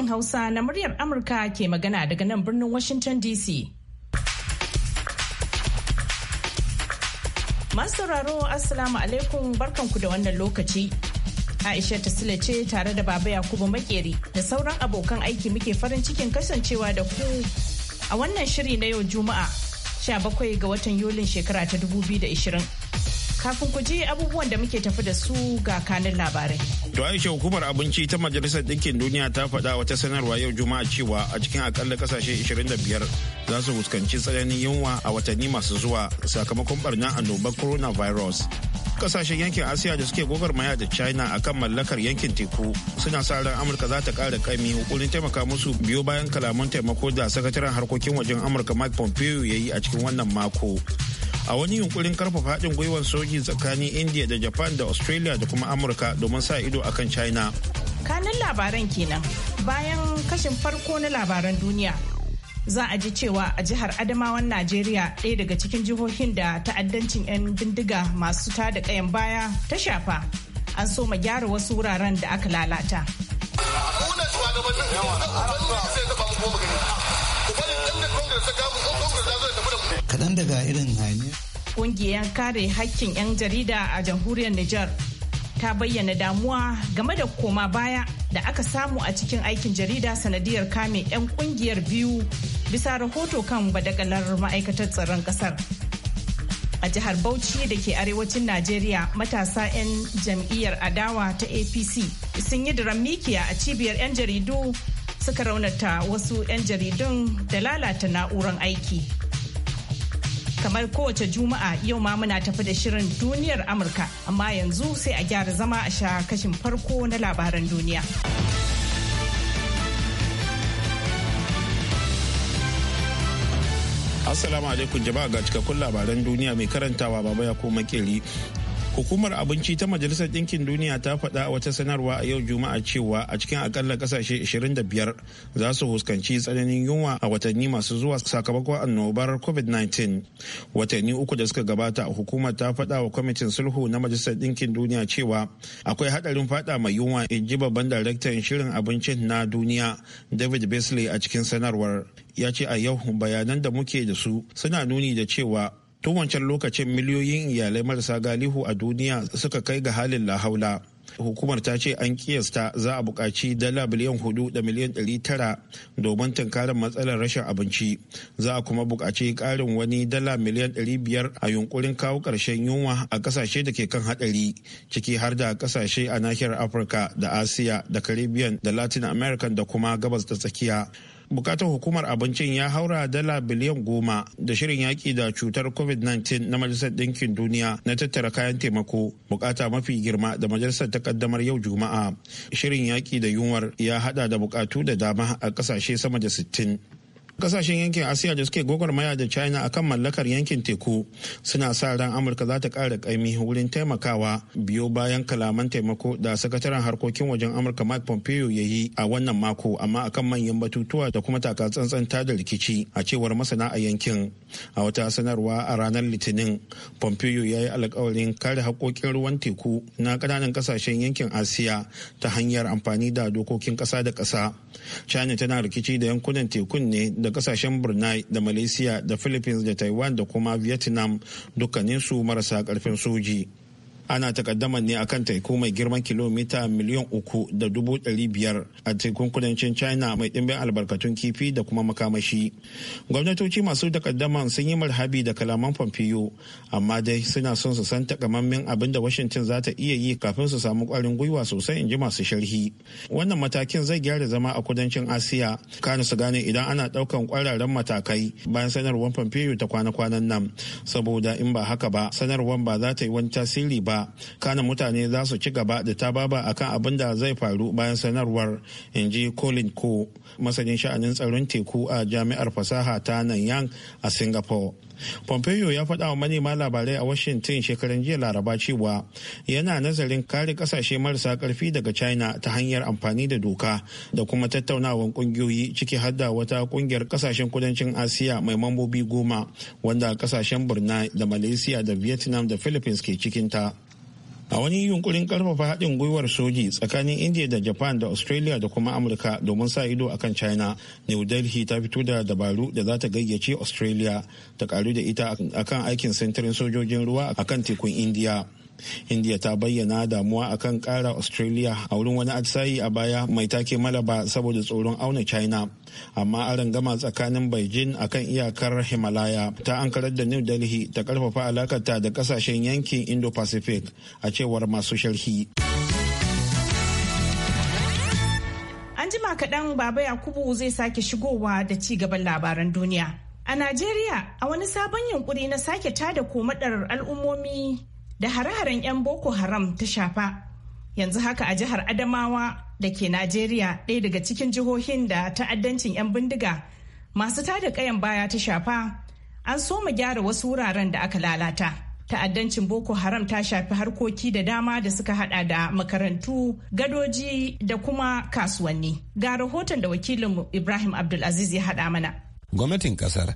sashen Hausa na muryar Amurka ke magana daga nan birnin Washington DC. Masu sauraro Assalamu alaikum barkanku da wannan lokaci. Aisha Tasila ce tare da Baba Yakubu Makeri da sauran abokan aiki muke farin cikin kasancewa da ku a wannan shiri na yau Juma'a 17 ga watan Yulin shekara ta 2020. Kafin ku ji abubuwan da muke tafi da su ga kanin labarai. To Aisha hukumar abinci ta Majalisar Ɗinkin Duniya ta faɗa wata sanarwa yau Juma'a cewa a cikin akalla kasashe 25 za su fuskanci tsananin yunwa a watanni masu zuwa sakamakon barna annobar coronavirus. Kasashen yankin Asiya da suke maya da China akan mallakar yankin teku suna sa ran Amurka za ta ƙara kami hukunin taimaka musu biyo bayan kalaman taimako da sakataren harkokin wajen Amurka Mike Pompeo ya yi a cikin wannan mako. a wani yunkurin karfafa haɗin gwiwar soji tsakanin india da japan da australia da kuma amurka domin sa ido akan china kanin labaran kenan bayan kashin farko na labaran duniya za a ji cewa a jihar adamawan najeriya ɗaya daga cikin jihohin da ta'addancin 'yan bindiga masu tada kayan baya ta shafa an so ma gyara wasu wuraren da aka lalata. Kaɗan daga irin hayaniya. Ƙungiyar kare hakkin 'yan jarida a jamhuriyar Nijar ta bayyana damuwa game da koma baya da aka samu a cikin aikin jarida sanadiyar kame 'yan ƙungiyar biyu bisa rahoto kan badakalar ma'aikatar tsaron ƙasar. a jihar Bauchi da ke arewacin Najeriya matasa 'yan jam'iyyar adawa ta APC sun yi mikiya a cibiyar 'yan jaridu suka raunata wasu 'yan jaridun da lalata na'uran aiki. Kamar kowace juma'a yau ma muna tafi da shirin duniyar Amurka, amma yanzu sai a gyara zama a sha kashin farko na labaran duniya. Assalamu alaikum jama'a ga cikakkun labaran duniya mai karantawa baba ya koma kiri. Hukumar abinci ta Majalisar Ɗinkin Duniya ta faɗa wata sanarwa a yau Juma'a cewa a cikin akalla ƙasashe 25 za su huskanci tsananin yunwa a watanni masu zuwa sakamakon annobar COVID-19. Watanni uku da suka gabata hukumar ta faɗa wa kwamitin sulhu na Majalisar Ɗinkin Duniya cewa akwai haɗarin faɗa mai yunwa in ji babban daraktan shirin abincin na duniya David Beasley a cikin sanarwar. Ya ce a yau bayanan da muke da su suna nuni da cewa tun wancan lokacin miliyoyin iyalai marasa galihu a duniya suka kai ga halin lahaula hukumar ta ce an kiyasta za a buƙaci dala biliyan hudu da miliyan ɗari tara domin tunkarin matsalar rashin abinci za a kuma buƙaci ƙarin wani dala miliyan ɗari biyar a yunkurin kawo ƙarshen yunwa a ƙasashe da ke kan haɗari ciki har da ƙasashe a nahiyar afirka da asiya da Karibiyan da latin america da kuma gabas da tsakiya bukatar hukumar abincin ya haura dala biliyan goma da shirin yaƙi da cutar covid-19 na majalisar ɗinkin duniya na tattara kayan taimako bukata mafi girma da majalisar ta kaddamar yau juma'a shirin yaƙi da yunwar ya hada da bukatu da dama a ƙasashe sama da sittin. kasashen yankin asiya da suke gwagwarmaya da china akan mallakar yankin teku suna sa ran amurka za ta kara kaimi wurin taimakawa biyo bayan kalaman taimako da sakataren harkokin wajen amurka mike pompeo ya yi a wannan mako amma akan manyan batutuwa da kuma taka tsantsan da rikici a cewar masana a yankin a wata sanarwa a ranar litinin pompeo ya yi alkawarin kare haƙoƙin ruwan teku na kananan kasashen yankin asiya ta hanyar amfani da dokokin ƙasa da ƙasa china tana rikici da yankunan tekun ne da da kasashen brunei da malaysia da philippines da taiwan da kuma vietnam dukkaninsu marasa karfin soji ana takaddama ne akan teku mai girman kilomita miliyan uku da dubu ɗari biyar a tekun kudancin china mai ɗimbin albarkatun kifi da kuma makamashi gwamnatoci masu takaddaman sun yi marhabi da kalaman pompeo amma dai suna son su san takamammen abin da washington za ta iya yi kafin su samu ƙwarin gwiwa sosai in ji masu sharhi wannan matakin zai gyara zama a kudancin asiya kana su gane idan ana ɗaukan ƙwararren matakai bayan sanarwar pompeo ta kwana-kwanan nan saboda in ba haka ba sanarwar ba za ta yi wani tasiri ba kanan mutane za su ci gaba da tababa kan abin da zai faru bayan sanarwar in ji colin ko masanin sha'anin tsaron teku a jami'ar fasaha ta nanyang a singapore pompeo ya faɗa wa manema labarai a washington shekaran jiya laraba cewa yana nazarin kare ƙasashe marasa ƙarfi daga china ta hanyar amfani da doka da kuma tattaunawan ƙungiyoyi ciki hadda wata ƙungiyar ƙasashen kudancin asiya mai mambobi goma wanda ƙasashen burma da malaysia da vietnam da philippines ke cikinta a wani yunkurin karfafa haɗin gwiwar soji tsakanin india da japan da australia da kuma amurka domin sa ido a kan china new delhi ta fito da dabaru da za ta gayyace australia ta karu da ita akan aikin sintirin sojojin ruwa a kan tekun india india ta bayyana damuwa akan kara australia a wurin wani atisayi a baya mai take malaba saboda tsoron auna china amma an gama tsakanin beijing akan iyakar himalaya ta ankarar da new delhi ta karfafa alakarta da kasashen yankin indo-pacific a cewar masu sharhi an jima kaɗan baba yakubu zai sake shigowa da ci gaban labaran duniya A Najeriya, a wani sabon yunkuri na sake tada komadar al'ummomi da hare-haren 'yan Boko Haram ta shafa. Yanzu haka a jihar Adamawa da ke Najeriya ɗaya daga cikin jihohin da ta'addancin 'yan bindiga masu tada kayan baya ta shafa an soma gyara wasu wuraren da aka lalata. ta'addancin boko haram ta shafi harkoki da dama da suka hada da makarantu gadoji da kuma kasuwanni ga rahoton da wakilinmu ibrahim abdulaziz ya hada mana gwamnatin kasar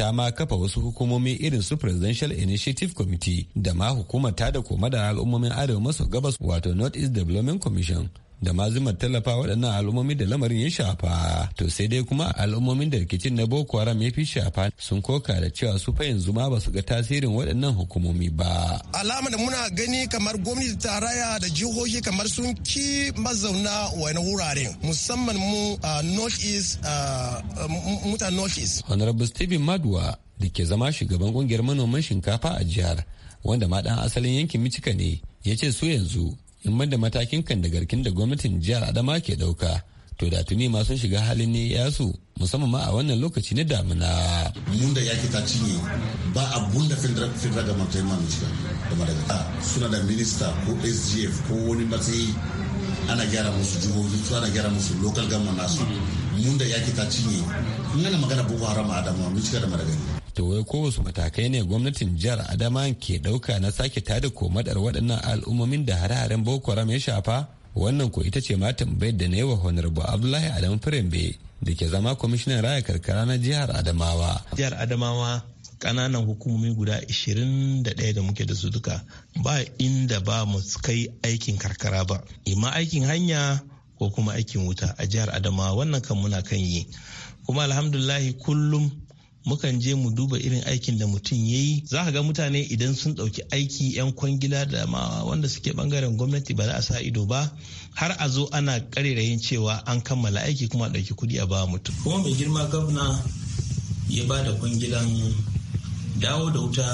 ta ma kafa wasu hukumomi irin su presidential initiative committee da ma hukumar ta da koma da al'ummomin arewa maso gabas wato north east development commission da ma tallafa waɗannan al'ummomi da lamarin ya shafa to sai dai kuma al'ummomin da rikicin na boko haram ya fi shafa sun koka da cewa su fa yanzu ma ba su ga tasirin waɗannan hukumomi ba alama da muna gani kamar gwamnati tarayya da jihohi kamar sun ki mazauna wani wurare musamman mu a uh, north east uh, um, muta north east honorable stephen maduwa da ke zama shugaban kungiyar manoman shinkafa a jihar wanda ma dan asalin yankin michigan ne ya ce su yanzu in da matakin kan da garkin da gwamnatin jihar adama ke dauka to da tuni ma shiga halin ne ya su musamman ma a wannan lokaci na damina. mun da yaki ta cinye ba abun da federal da mantai mamu da madagascar suna da minista ko sgf ko wani matsayi ana gyara musu jihohi su ana gyara musu local government nasu mun da yaki ta cinye in gana magana boko haram adama mun cika da maragani to wai ko wasu matakai ne gwamnatin jihar adama ke dauka na sake tada komadar waɗannan al'ummomin da hare-haren boko haram ya shafa wannan ko ita ce ma tambayar da na yi wa honorable abdullahi adamu firembe da ke zama kwamishinan raya karkara na jihar adamawa jihar adamawa kananan hukumomi guda 21 da muke da su duka ba inda ba mu kai aikin karkara ba ima aikin hanya ko kuma aikin wuta a jihar adamawa wannan kan muna kan yi kuma alhamdulahi kullum mukan je mu duba irin aikin da mutum ya yi za ka ga mutane idan sun ɗauki aiki 'yan kwangila da ma wanda suke bangaren gwamnati ba za a sa ido ba har a zo ana karerayin cewa an kammala aiki kuma a ɗauki kuɗi a ba mutum kuma mai girma gwamna ya ba da kwangilan dawo da wuta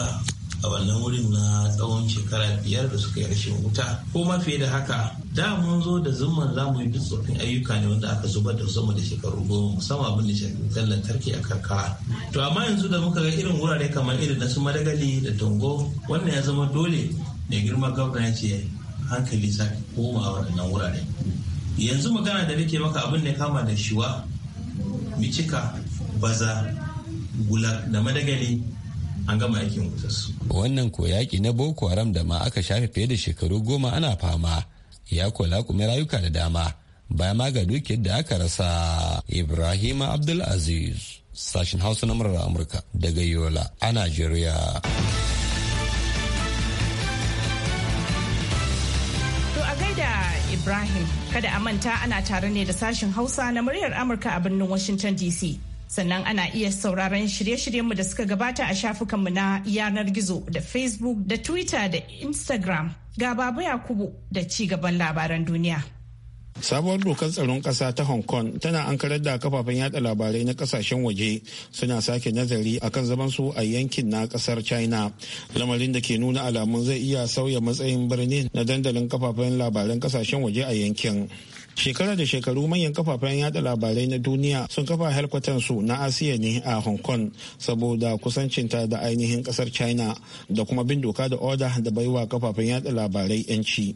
a wannan wurin na tsawon shekara biyar da suka yi rashin wuta ko ma fiye da haka da mun zo da zumman za mu yi duk tsoffin ayyuka ne wanda aka zubar da sama da shekaru goma musamman abin da shafi wutar lantarki a karkara to amma yanzu da muka ga irin wurare kamar irin na su madagali da tongo wannan ya zama dole mai girma gwamna ya ce hankali sa koma a waɗannan wurare yanzu magana da nake maka abin da kama da shiwa micika baza gula da madagali an gama aikin su. wannan ko yaƙi na boko haram da ma aka shafe fiye da shekaru goma ana fama ya kula kuma rayuka da dama baya ma ga dukiyar da aka rasa ibrahim abdulaziz sashen hausa na murar amurka daga yola a najeriya Ibrahim kada a manta ana tare ne da sashin Hausa na muryar Amurka a birnin Washington DC. sannan ana iya sauraron shirye-shiryenmu da suka gabata a shafukanmu na yanar gizo da facebook da twitter da instagram ga babu yakubu da ci gaban labaran duniya sabuwar dokar tsaron kasa ta hong kong tana ankarar da kafafen yada labarai na kasashen waje suna sake nazari akan zaman su a yankin na kasar china lamarin da ke nuna alamun zai iya sauya matsayin birnin na dandalin kafafen labaran kasashen waje a yankin shekara da shekaru manyan kafafen yada labarai na duniya sun kafa su na asiya ne a hong kong saboda kusancinta da ainihin kasar china da kuma bin doka da oda da baiwa kafafen yada labarai yanci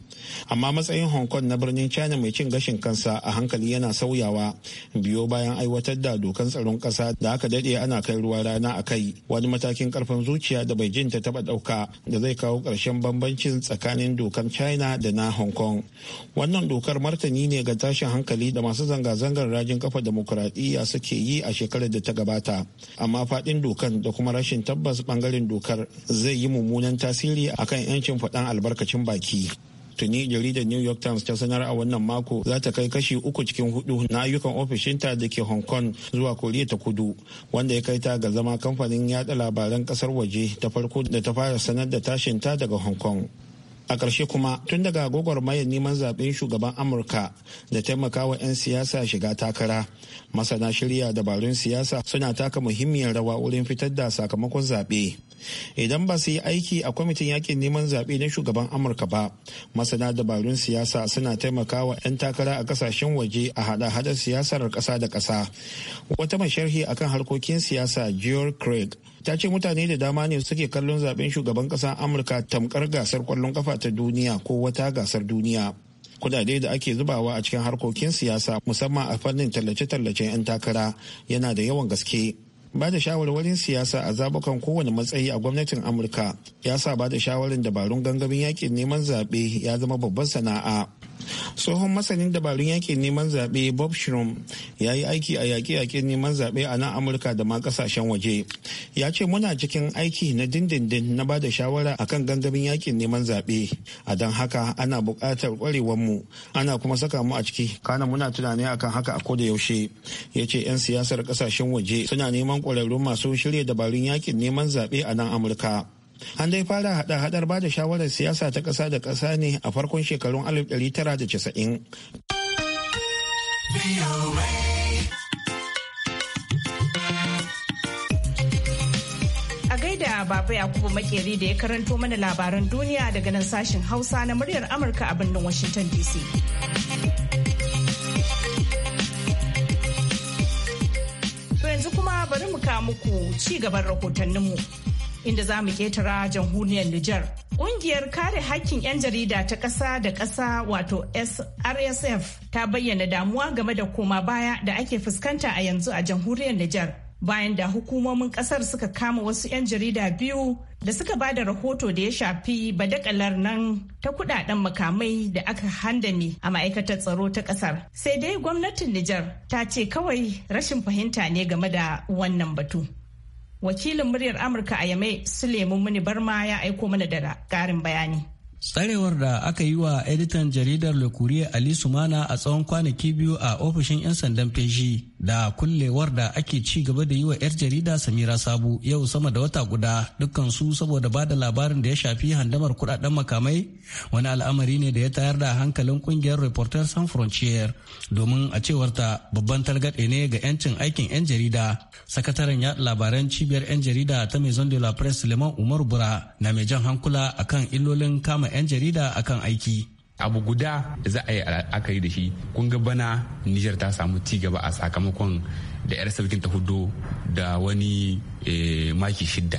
amma matsayin hong kong na birnin china mai cin gashin kansa a hankali yana sauyawa biyo bayan aiwatar da dokan tsaron kasa da aka dade ana kai ruwa rana a kai wani matakin karfin zuciya da beijing ta taba dauka da zai kawo karshen bambancin tsakanin dokan china da na hong kong wannan dokar martani ne ga zanga tashin hankali da masu zanga-zangar rajin kafa demokuraɗiyya suke yi a shekarar da ta gabata amma faɗin dokar da kuma rashin tabbas ɓangaren dokar zai yi mummunan tasiri akan 'yancin faɗan albarkacin baki tuni jaridar new york times ta sanar a wannan mako za ta kai kashi uku cikin hudu na ayyukan ofishinta da ke hong kong zuwa koriya ta kudu wanda ya kai ta ga zama kamfanin yada labaran kasar waje ta farko da ta fara sanar da tashinta daga hong kong a ƙarshe kuma tun daga mayan neman zaɓen shugaban amurka da taimakawa 'yan siyasa shiga takara masana shirya dabarun siyasa suna taka muhimmiyar rawa wurin fitar da sakamakon zaɓe idan ba su yi aiki a kwamitin yakin neman zaɓe na shugaban amurka ba masana dabarun siyasa suna taimakawa 'yan takara a kasashen waje a hada haɗa siyasar ƙasa da ƙasa wata mai sharhi akan harkokin siyasa george craig ta ce mutane da dama ne suke kallon zaben shugaban ƙasar amurka tamkar gasar kwallon kafa ta duniya ko wata gasar duniya kudade da ake zubawa a cikin harkokin siyasa musamman a fannin tallace-tallacen 'yan takara yana da yawan gaske ba da shawarwarin siyasa a zabukan kowane matsayi a gwamnatin amurka ya sa ba da shawarin dabarun gangamin yakin neman zaɓe ya zama babban sana'a tsohon masanin dabarun yakin neman zaɓe bob shrum ya yi aiki a yaƙe-yaƙen neman zaɓe a nan amurka da ma ƙasashen waje ya ce muna cikin aiki na dindindin na ba da shawara kan gangamin yakin neman zaɓe a don haka ana buƙatar mu ana kuma saka mu a ciki kana muna tunani akan haka a da yaushe ya ce 'yan siyasar ƙasashen waje suna neman ƙwararrun masu shirya dabarun yakin neman zaɓe a nan amurka an dai fara hada hadar ba da shawarar siyasa ta kasa da kasa ne a farkon shekarun 1990 a gaida baba yakubu makeri da ya karanto mana labaran duniya daga nan sashen hausa na muryar amurka a birnin washington dc to yanzu kuma bari mu kawo muku ci gaban rahotanninmu inda za mu ketara jamhuriyar Nijar. Ƙungiyar kare haƙƙin 'yan jarida ta ƙasa da ƙasa wato SRSF ta bayyana damuwa game da koma baya da ake fuskanta a yanzu a jamhuriyar Nijar. Bayan da hukumomin ƙasar suka kama wasu 'yan jarida biyu da suka ba da rahoto da ya shafi badakalar nan ta kudaden makamai da aka handame a ma'aikatar tsaro ta ƙasar. sai dai gwamnatin Nijar ta ce kawai rashin fahimta ne game da wannan batu. wakilin muryar amurka a yamai suleiman muni barma ya aiko mana da karin bayani Tsarewar da aka yi wa editan jaridar Le Courrier Ali Sumana a tsawon kwanaki biyu a ofishin 'yan sandan feshi da kullewar da ake ci gaba da yi wa 'yar jarida Samira Sabu yau sama da wata guda dukkansu saboda ba da labarin da ya shafi handamar kudaden makamai wani al'amari ne da ya tayar da hankalin kungiyar reporter san Frontier domin a cewar ta babban targaɗe ne ga 'yancin aikin 'yan jarida. Sakataren yaɗa labaran cibiyar 'yan jarida ta Maison de la Presse Umar Bura na mai jan hankula akan illolin kama 'yan jarida a kan aiki. abu guda da za a yi akari da shi kun ga bana nijar ta samu ci gaba a sakamakon da 'yar sarkin ta hudu da wani eh, maki shidda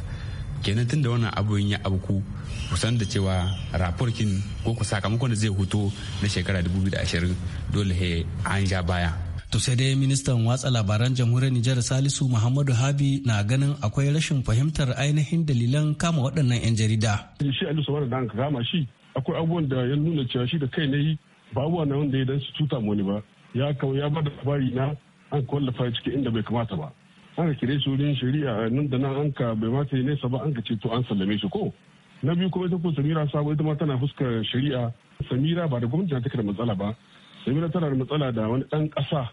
kenan tun da wannan abin ya abuku kusan da cewa raporkin ko sakamakon da zai hoto na shekara 2020 dole an ja baya To sai dai ministan watsa labaran jamhuriyar Nijar Salisu Muhammadu Habi na ganin akwai rashin fahimtar ainihin dalilan kama waɗannan 'yan jarida. Shi Alisu wanda da aka kama shi akwai abubuwan da ya nuna cewa shi da kai na yi ba abubuwa na wanda ya dan su tuta wani ba ya kawo ya bada labari na an kwallafa ciki inda bai kamata ba. An ka kire shi wurin shari'a nan da nan an ka bai ta yi nesa ba an ka ce to an sallame shi ko. Na biyu kuma ita ko Samira Sabo ita ma tana fuskar shari'a. Samira ba da gwamnati ta da matsala ba. Samira tana da matsala da wani ɗan ƙasa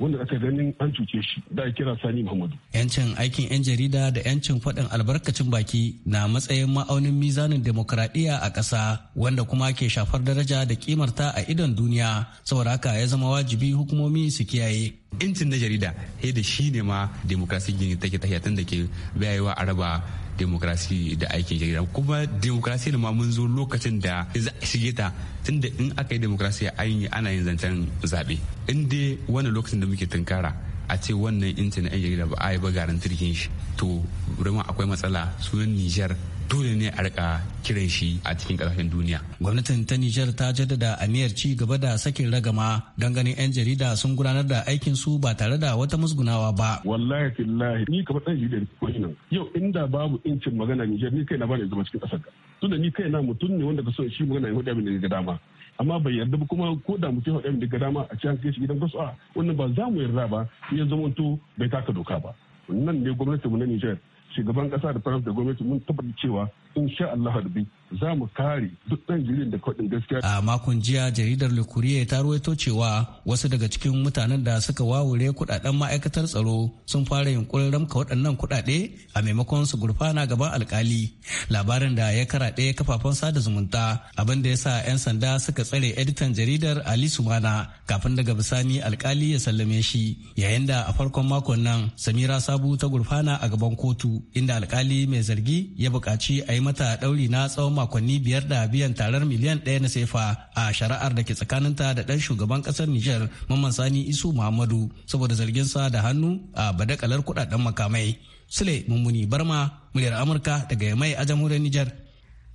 wanda aka ganin an cuce shi da kira sani muhammadu yancin aikin yan jarida da yancin faɗin albarkacin baki na matsayin ma'aunin mizanin demokradiyya a ƙasa wanda kuma ke shafar daraja da kimarta a idon duniya saboda haka ya zama wajibi hukumomi su kiyaye yancin na jarida da shi ne ma demokrasi gini take tahiya da ke bayawa araba demokrasi da aikin jarida kuma demokrasi ma mun zo lokacin da za a shige ta tunda in aka yi demokrasi ana yin zancen zaɓe in dai wani lokacin da muke tunkara a ce wannan intanet yan jarida ba a yi ba garin turkin shi to rama akwai matsala sunan nijar dole ne a rika kiran shi a cikin kasashen duniya gwamnatin ta nijar ta jaddada aniyar ci gaba da sakin ragama don ganin yan jarida sun gudanar da aikin su ba tare da wata musgunawa ba wallahi tillahi ni kamar dan jarida ne yau inda babu incin magana nijar ni kai na bani zama cikin ka tunda ni kai na mutum ne wanda ka so shi magana ya hudu abin da ga dama amma bai yarda ba kuma ko da mutum haɗe daga dama a cikin kai shi gidan kasu a wannan ba za mu yarda ba ya zama to bai taka doka ba nan ne mu na Nijar shugaban kasa da faransa da gwamnati mun tabbata cewa insha Allah harbi za mu kare duk ɗan jirin da kwaɗin gaskiya. A makon jiya jaridar Le ta ruwaito cewa wasu daga cikin mutanen da suka wawure kuɗaɗen ma'aikatar tsaro sun fara yunkurin ramka waɗannan kuɗaɗe a maimakon su gurfana gaban alkali. Labarin da ya karaɗe kafafen sada zumunta abin da ya sa 'yan sanda suka tsare editan jaridar Ali Sumana kafin daga bisani alkali ya sallame shi yayin da a farkon makon nan Samira Sabu ta gurfana a gaban kotu inda alkali mai zargi ya buƙaci a yi mata ɗauri na tsawon makonni biyar da biyan tarar miliyan ɗaya na sefa a shari'ar da ke tsakaninta da ɗan shugaban ƙasar Nijar Mamman Sani Isu Muhammadu saboda zargin sa da hannu a badakalar kuɗaɗen makamai. Sule Mummuni Barma, muryar Amurka daga Yamai a jamhuriyar Nijar.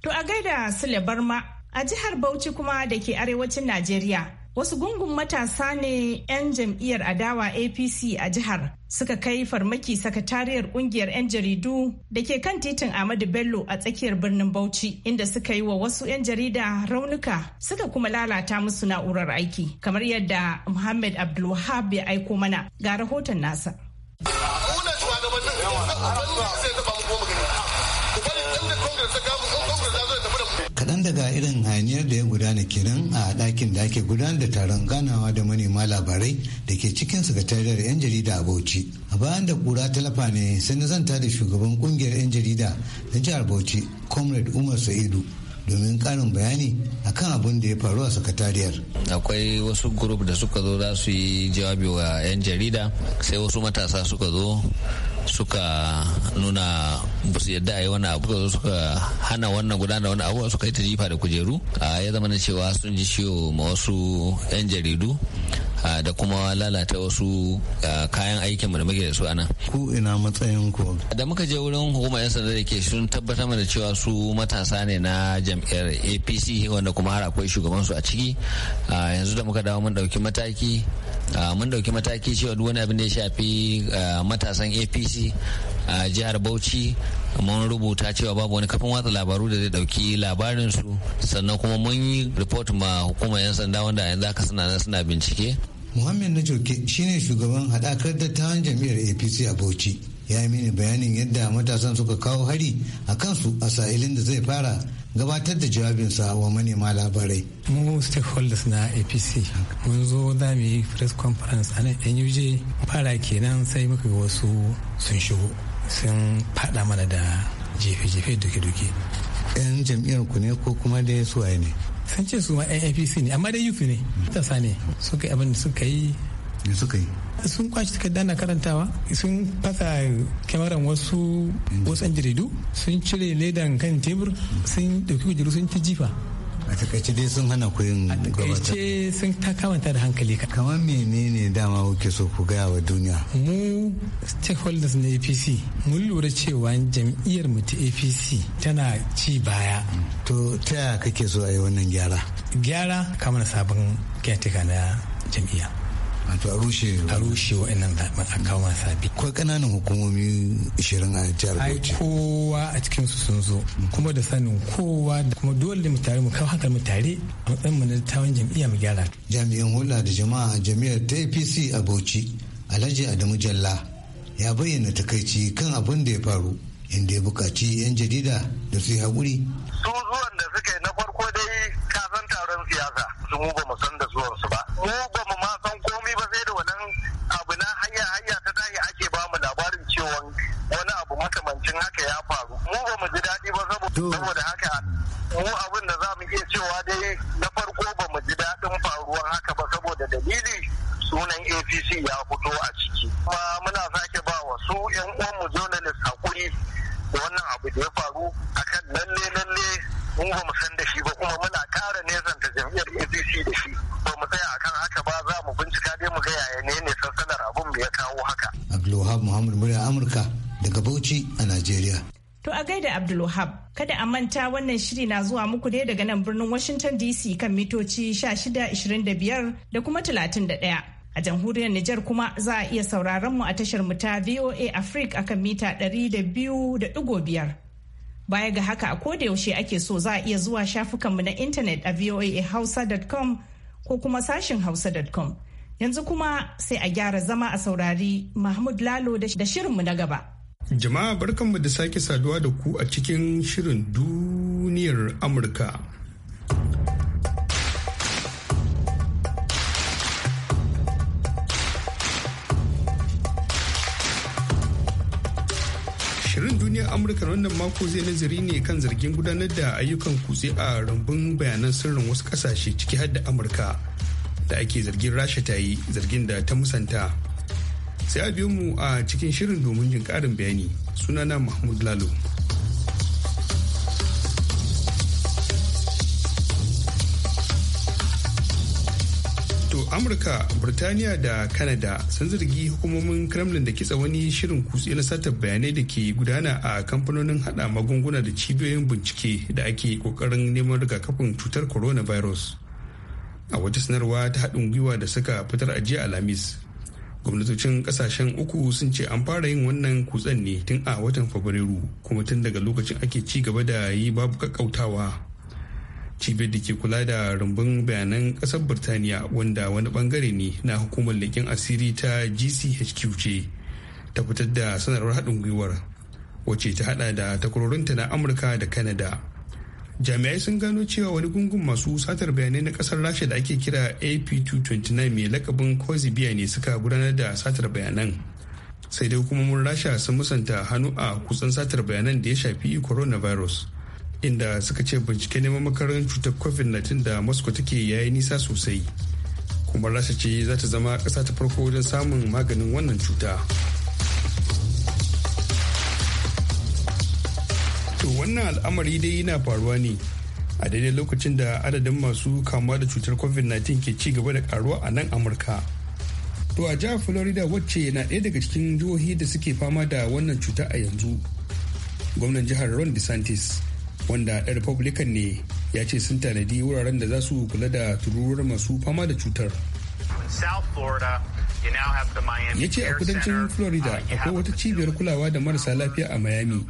To a gaida Sule Barma a jihar Bauchi kuma da ke arewacin Najeriya. Wasu gungun matasa ne 'yan jam'iyyar adawa APC a jihar suka kai farmaki sakatariyar kungiyar 'yan jaridu da ke kan titin Ahmadu Bello a tsakiyar birnin Bauchi inda suka yi wa wasu 'yan jarida raunuka suka kuma lalata musu na'urar aiki kamar yadda Muhammad Abdulwahab ya aiko mana ga rahoton nasa. kaɗan daga irin hanyar da ya gudana kenan a dakin da ake gudanar da taron ganawa da manema labarai da ke cikin sakatariyar 'yan jarida a bauchi a bayan da kura talafa ne sai na zanta da shugaban kungiyar 'yan jarida na jihar bauchi comrade umar sa'idu domin karin bayani akan abin da ya faru a sakatariyar. akwai wasu grup da suka zo za su yi jawabi wa 'yan jarida sai wasu matasa suka zo suka nuna ba su yadda a yi wani abu zo suka hana wannan gudanar wani abu suka yi ta jifa da kujeru a ya zama na cewa sun ji ciwo ma wasu 'yan jaridu Ah, da kuma lalata wasu ah, kayan aikinmu da muke da su anan. Ku ina matsayin ku. Da muka je wurin hukumar 'yan sanda da ke sun tabbatar mana cewa su matasa ne na jam'iyyar APC wanda kuma har akwai shugaban su a ciki. Ah, yanzu da muka dawo mun ɗauki mataki. Mun ɗauki mataki cewa duk wani abin da ya shafi matasan APC a jihar Bauchi mun rubuta cewa babu wani kafin watsa labaru da zai dauki labarinsu sannan kuma mun yi report ma hukumar 'yan sanda wanda yanzu aka suna suna bincike Muhammad na turke shine shugaban haɗakar dattawan jam'iyyar apc a bauchi ya yi mini bayanin yadda matasan suka kawo hari a kansu a sa'ilin da zai fara gabatar da jawabinsa wa manema labarai. mu stakeholders na apc mun zo za mu yi press conference a nan nuj fara kenan sai muka wasu sun shigo sun faɗa mana da jefe-jefe duke-duke yan jam'iyyar ku ne ko kuma da ya suwaye ne san ce su ma APC ne amma dai youth ne matasa ne suka yi abin suka yi suka yi sun kwashi takarda na karantawa sun fasa kyamaran wasu wasan jaridu sun cire ledan kan tebur sun dauki kujeru sun ta jifa a takaice dai sun hana ku yin a takaice sun ta kamanta da hankali ka kamar menene dama kuke so ku gaya wa duniya mu stakeholders na apc mun lura cewa jam'iyyar mu ta apc tana ci baya to ta yaya kake so a yi wannan gyara gyara kamar sabon kyatika na jam'iyya wato a rushe a rushe wa'annan zaben a kawo sabi akwai kananan hukumomi 20 a jihar Bauchi kowa a cikin su sun zo kuma da sanin kowa da kuma dole mu tare mu kawo hankali mu tare a matsayin mu na tawon jam'iyya mu gyara jami'an hula da jama'a jami'ar TPC a Bauchi Alhaji Adamu Jalla ya bayyana takaici kan abin da ya faru inda ya bukaci 'yan jarida da su yi haƙuri. Su zuwan da suka yi na farko dai kasan taron siyasa su mu ba mu san da saboda haka mu abin da za mu iya cewa dai na farko ba mu ji daɗin faruwar haka ba saboda dalili sunan apc ya fito a ciki kuma muna sake ba wa su yan uwanmu journalist hakuri da wannan abu da ya faru akan lalle lalle mu ba mu san da shi ba kuma muna ƙara ta jam'iyyar apc da shi ba mu tsaya akan haka ba za mu bincika dai mu ga yaya ne ne sansanar abin da ya kawo haka abdulwahab muhammad murya amurka daga bauchi a najeriya to a gaida abdulwahab a manta wannan shiri na zuwa muku ne daga nan birnin Washington DC kan mitoci 1625 da kuma 31. A jamhuriyar Nijar kuma za a iya sauraron mu a tashar mu ta VOA Africa akan mita 200.5. Baya ga haka a koda yaushe ake so za a iya zuwa shafukanmu na intanet a voahausa.com ko kuma sashin hausa.com. Yanzu kuma sai a gyara zama a saurari Mahmud Lalo da shirinmu na gaba. Jama'a barkanmu da sake saduwa da ku a cikin shirin duniyar Amurka. Shirin duniyar Amurka wannan mako zai nazari ne kan zargin gudanar da ayyukan kutse a rumbun bayanan sirrin wasu kasashe ciki har da Amurka da ake zargin Rasha ta yi zargin da ta musanta. sai a biyo mu a cikin shirin domin jin karin bayani sunana mahmud lalo to amurka birtaniya da kanada sun zargi hukumomin kremlin da kitsa wani shirin kutse na satar bayanai da ke gudana a kamfanonin hada magunguna da cibiyoyin bincike da ake kokarin neman rigakafin cutar coronavirus a wata sanarwa ta haɗin gwiwa da suka fitar a jiya alhamis gwamnatocin kasashen uku sun ce an fara yin wannan kutsen ne tun a watan fabrairu kuma tun daga lokacin ake ci gaba da yi babu kakkautawa cibiyar da ke kula da rumbun bayanan kasar birtaniya wanda wani bangare ne na hukumar leƙen asiri ta gchq ce ta fitar da sanarwar haɗin gwiwar wacce ta haɗa da takwarorinta na amurka da canada jami'ai sun gano cewa wani gungun masu satar bayanai na kasar rasha da ake kira ap229 mai lakabin kozibiya ne suka gudanar da satar bayanan sai dai hukumomin rasha sun musanta hannu a kutsan satar bayanan da ya shafi coronavirus inda suka ce bincike neman makarin cutar covid-19 da moscow take yayi nisa sosai kuma rasha ce za ta zama ƙasa ta farko wajen samun maganin wannan cuta. wannan al'amari dai yana faruwa ne a daidai lokacin da adadin masu kamuwa da cutar covid-19 ke ci gaba da karuwa a nan amurka to a jihar florida wacce na ɗaya daga cikin jihohi da suke fama da wannan cuta a yanzu gwamnan jihar ron desantis wanda ɗan republican ne ya ce sun tanadi wuraren da za su kula da tururuwar masu fama da cutar ya ce a kudancin florida uh, akwai wata cibiyar kulawa da marasa lafiya a miami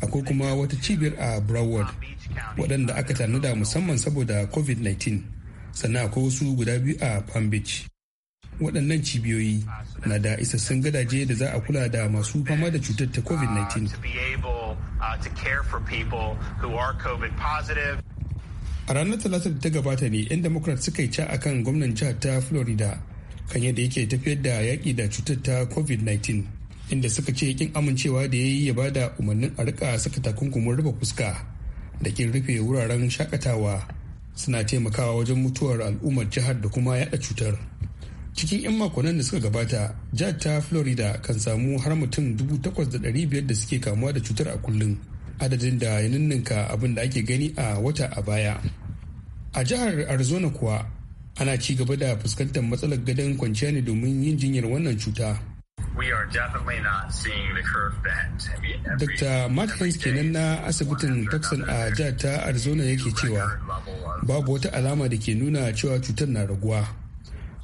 akwai kuma wata cibiyar a broward waɗanda aka tanada musamman saboda covid-19 sannan akwai wasu guda biyu a palm beach waɗannan cibiyoyi na da isassun gadaje da za a kula da masu fama da cutar ta covid-19 uh, uh, a ranar talatar da ta gabata ne 'yan democrat suka yi ca akan gwamnan jihar ta florida kan yadda yake tafiyar da yaƙi da cutar ta covid-19 inda suka ce kin amincewa da ya yi ya bada umarnin a rika saka takunkumin rufe fuska da kin rufe wuraren shakatawa suna taimakawa wajen mutuwar al'ummar jihar da kuma yada cutar cikin 'yan makonnan da suka gabata jihar ta florida kan samu har mutum 8,500 da suke kamuwa da cutar a kullum adadin da ya ninninka abin da ake gani a wata a baya a jihar arizona kuwa ana ci gaba da fuskantar matsalar gadon kwanciya ne domin yin jinyar wannan cuta Dr. Mark kenan na asibitin Tucson a jihar ta Arizona yake cewa babu wata alama da ke nuna cewa cutar na raguwa.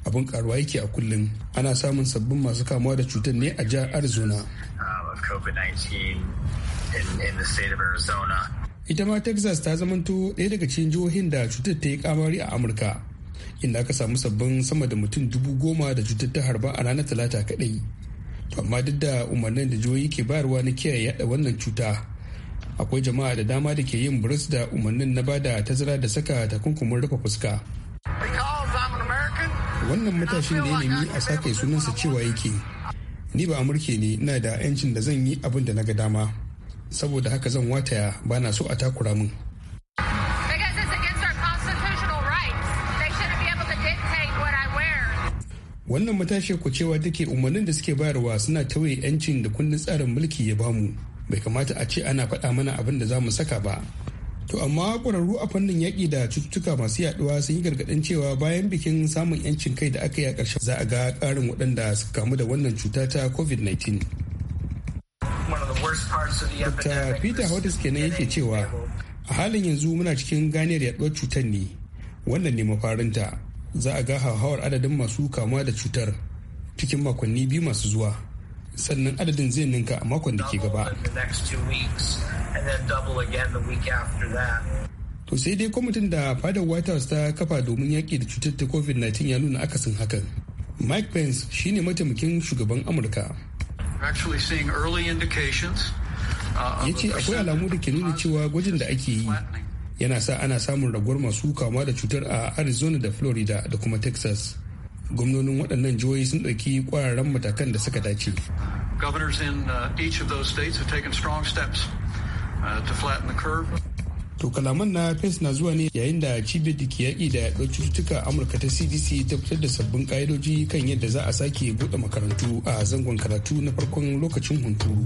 Abin karuwa yake a kullum ana samun sabbin masu kamuwa da cutar ne a jihar um, Arizona. Ita ma Texas ta zamanto ɗaya daga cikin jihohin da cutar ta yi kamari a Amurka. inda aka samu sabbin sama da mutum dubu goma da cutar ta harba a ranar talata kaɗai. amma duk da umarnin da jihohi ke bayarwa na kiyaye yada wannan cuta akwai jama'a da dama da ke yin buris da umarnin na bada tazara da saka takunkumin rufe fuska wannan matashin da ya nemi a sake sunansa cewa yake ni ba amurke ne ina da 'yancin da zan yi abin da na ga dama saboda haka zan wataya bana so a takura min wannan matashi ku cewa take umarnin da suke bayarwa suna tauye 'yancin da kundin tsarin mulki ya bamu bai kamata a ce ana faɗa mana abin da za mu saka ba to amma ƙwararru a fannin yaƙi da cututtuka masu yaɗuwa sun yi gargaɗin cewa bayan bikin samun 'yancin kai da aka yi a ƙarshen za a ga ƙarin waɗanda suka kamu da wannan cuta ta covid-19 Dr. Peter Hodges kenan yake cewa a halin yanzu muna cikin ganiyar yaɗuwar cutar ne wannan ne mafarinta za a ga hauhawar adadin masu kamuwa da cutar cikin makonni biyu masu zuwa sannan adadin zai ninka a makon da ke gaba to sai dai kwamitin da fadar white house ta kafa domin yaƙi da cutar ta covid-19 ya nuna akasin hakan mike pence shine mataimakin shugaban amurka uh, ya ce akwai alamu da ke nuna cewa gwajin da ake yi yana sa ana samun raguwar masu kama da cutar a arizona da florida da kuma texas gwamnonin waɗannan jihohi sun ɗauki ƙwararren matakan da suka dace uh, uh, to kalaman na pence na zuwa ne yayin da cibiyar da ke yaƙi da yaɗuwar cututtuka amurka ta cdc ta fitar da sabbin ƙa'idoji kan yadda za a sake buɗe makarantu a zangon karatu na farkon lokacin hunturu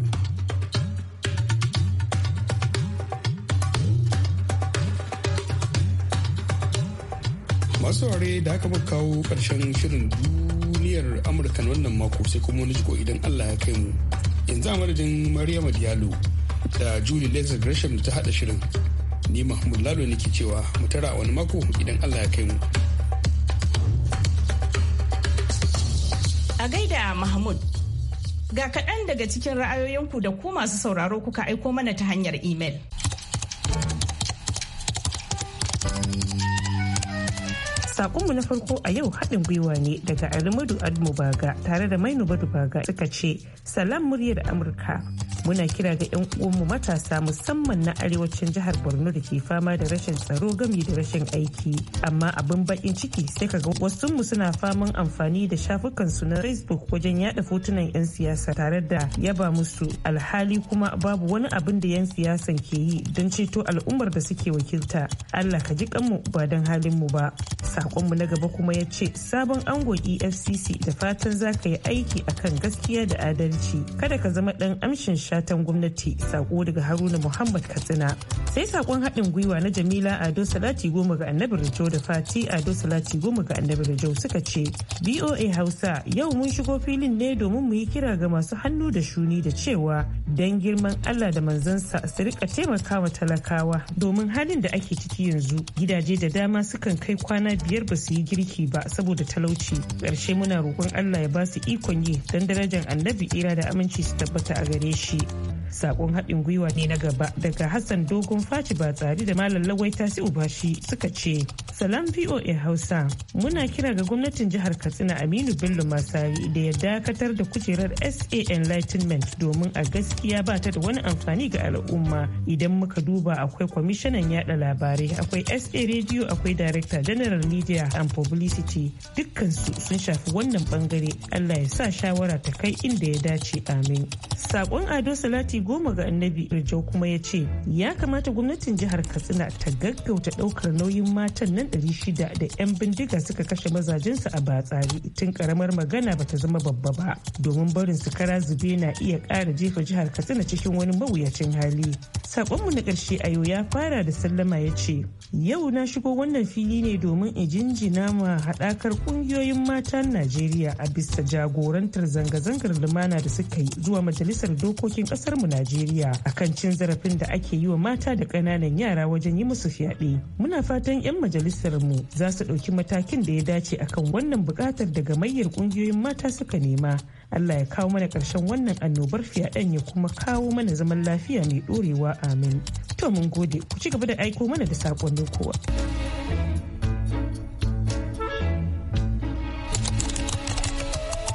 masu ware da aka muka kawo karshen shirin duniyar amurka wannan mako sai kuma wani jiko idan allah ya kai mu yanzu a madadin maryama diallo da julie lexar gresham ta hada shirin ni mahmud lalo nake cewa mu tara wani mako idan allah ya kai mu a gaida mahmud ga kaɗan daga cikin ra'ayoyinku da ku masu sauraro kuka aiko mana ta hanyar imel. Sakonmu na farko a yau haɗin gwiwa ne daga Alimadu Admubaga tare da Mainuba Baga suka ce, Salam muryar Amurka. muna kira ga 'yan uwanmu matasa musamman na arewacin jihar borno da ke fama da rashin tsaro gami da rashin aiki amma abin bakin ciki sai ka ga wasu. mu suna faman amfani da shafukan su na facebook wajen yada fotunan 'yan siyasa tare da yaba musu alhali kuma babu wani abin da 'yan siyasan ke yi don ceto al'ummar da suke wakilta allah ka ji kanmu ba don mu ba sakonmu na gaba kuma ya ce sabon ango efcc da fatan za ka yi aiki akan gaskiya da adalci kada ka zama dan amshin sha ma'aikatan gwamnati sako daga haruna muhammad katsina sai sakon haɗin gwiwa na jamila ado salati goma ga annabi rijo da fati ado salati goma ga annabi rajo suka ce boa hausa yau mun shigo filin ne domin mu yi kira ga masu hannu da shuni da cewa dan girman allah da manzansa su rika taimakawa talakawa domin halin da ake ciki yanzu gidaje da dama sukan kai kwana biyar ba su yi girki ba saboda talauci ƙarshe muna roƙon allah ya ba su ikon yi don darajar annabi ira da aminci su tabbata a gare shi sakon haɗin gwiwa ne na gaba daga hassan dogon faci ba tsari da malam lagwai tasi ubashi suka ce salam voa hausa muna kira ga gwamnatin jihar katsina aminu bello masari da ya dakatar da kujerar sa enlightenment domin a gaskiya ba ta da wani amfani ga al'umma idan muka duba akwai kwamishinan yada labarai akwai sa radio akwai director general media and publicity dukkansu sun shafi wannan bangare allah ya sa shawara ta kai inda ya dace amin sakon ado salati goma ga annabi Rijau kuma ya ce ya kamata gwamnatin jihar Katsina ta gaggauta daukar nauyin matan nan 600 da 'yan bindiga suka kashe mazajensu a batsari tun karamar magana bata zama babba ba domin barin su kara zube na iya kara jefa jihar Katsina cikin wani mawuyacin hali. Sakonmu na ƙarshe a yau ya fara da sallama ya ce, Yau na shigo wannan fili ne domin in jinjina ma haɗakar ƙungiyoyin matan Najeriya a bisa jagorantar zanga-zangar lumana da suka yi zuwa Majalisar Dokokin ƙasarmu Najeriya a kan cin zarafin da ake yi wa mata da ƙananan yara wajen yi musu fyaɗe. Muna fatan 'yan majalisar mu za su ɗauki matakin da ya dace akan wannan buƙatar daga mayyar ƙungiyoyin mata suka nema. Allah ya kawo mana ƙarshen wannan annobar fiyaɗen ya kuma kawo mana zaman lafiya mai ɗorewa amin. To mun gode ku ci gaba da aiko mana da sakonni kowa.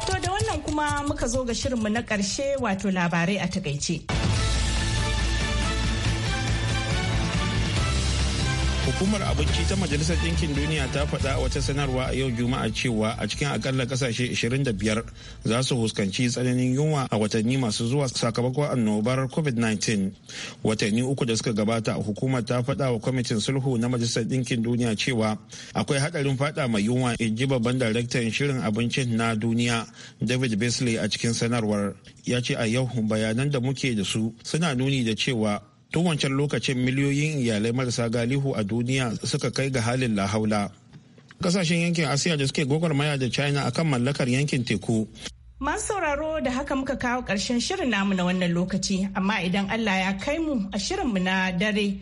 To da wannan kuma muka zo ga shirinmu na ƙarshe wato labarai a takaice. Hukumar abinci ta Majalisar Ɗinkin Duniya ta faɗa wata sanarwa a yau Juma'a cewa a cikin akalla kasashe 25 za su huskanci tsananin yunwa a watanni masu zuwa sakamakon annobar COVID-19. Watanni uku da suka gabata hukumar ta faɗa wa kwamitin sulhu na Majalisar Ɗinkin Duniya cewa akwai haɗarin faɗa mai yunwa in ji babban daraktan shirin abincin na duniya David Beasley a cikin sanarwar. Ya ce a yau bayanan da muke da su suna nuni da cewa tun wancan lokacin miliyoyin iyalai marasa galihu a duniya suka kai ga halin lahaula kasashen yankin asiya da suke gwagwarmaya da china akan mallakar yankin teku Masu sauraro da haka muka kawo ƙarshen shirin namu na wannan lokaci, amma idan Allah ya kai mu a mu na dare,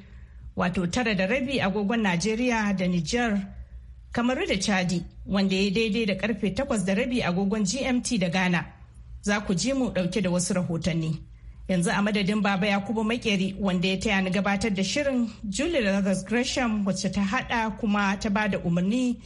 wato tara da rabi agogon Najeriya da Nijar, Kamaru da Chadi, wanda ya daidai da karfe takwas da rabi agogon GMT da Ghana, za ku ji mu ɗauke da wasu rahotanni. yanzu a madadin baba yakubu makeri wanda ya taya ni gabatar da shirin julia da gresham wacce ta hada kuma ta bada umarni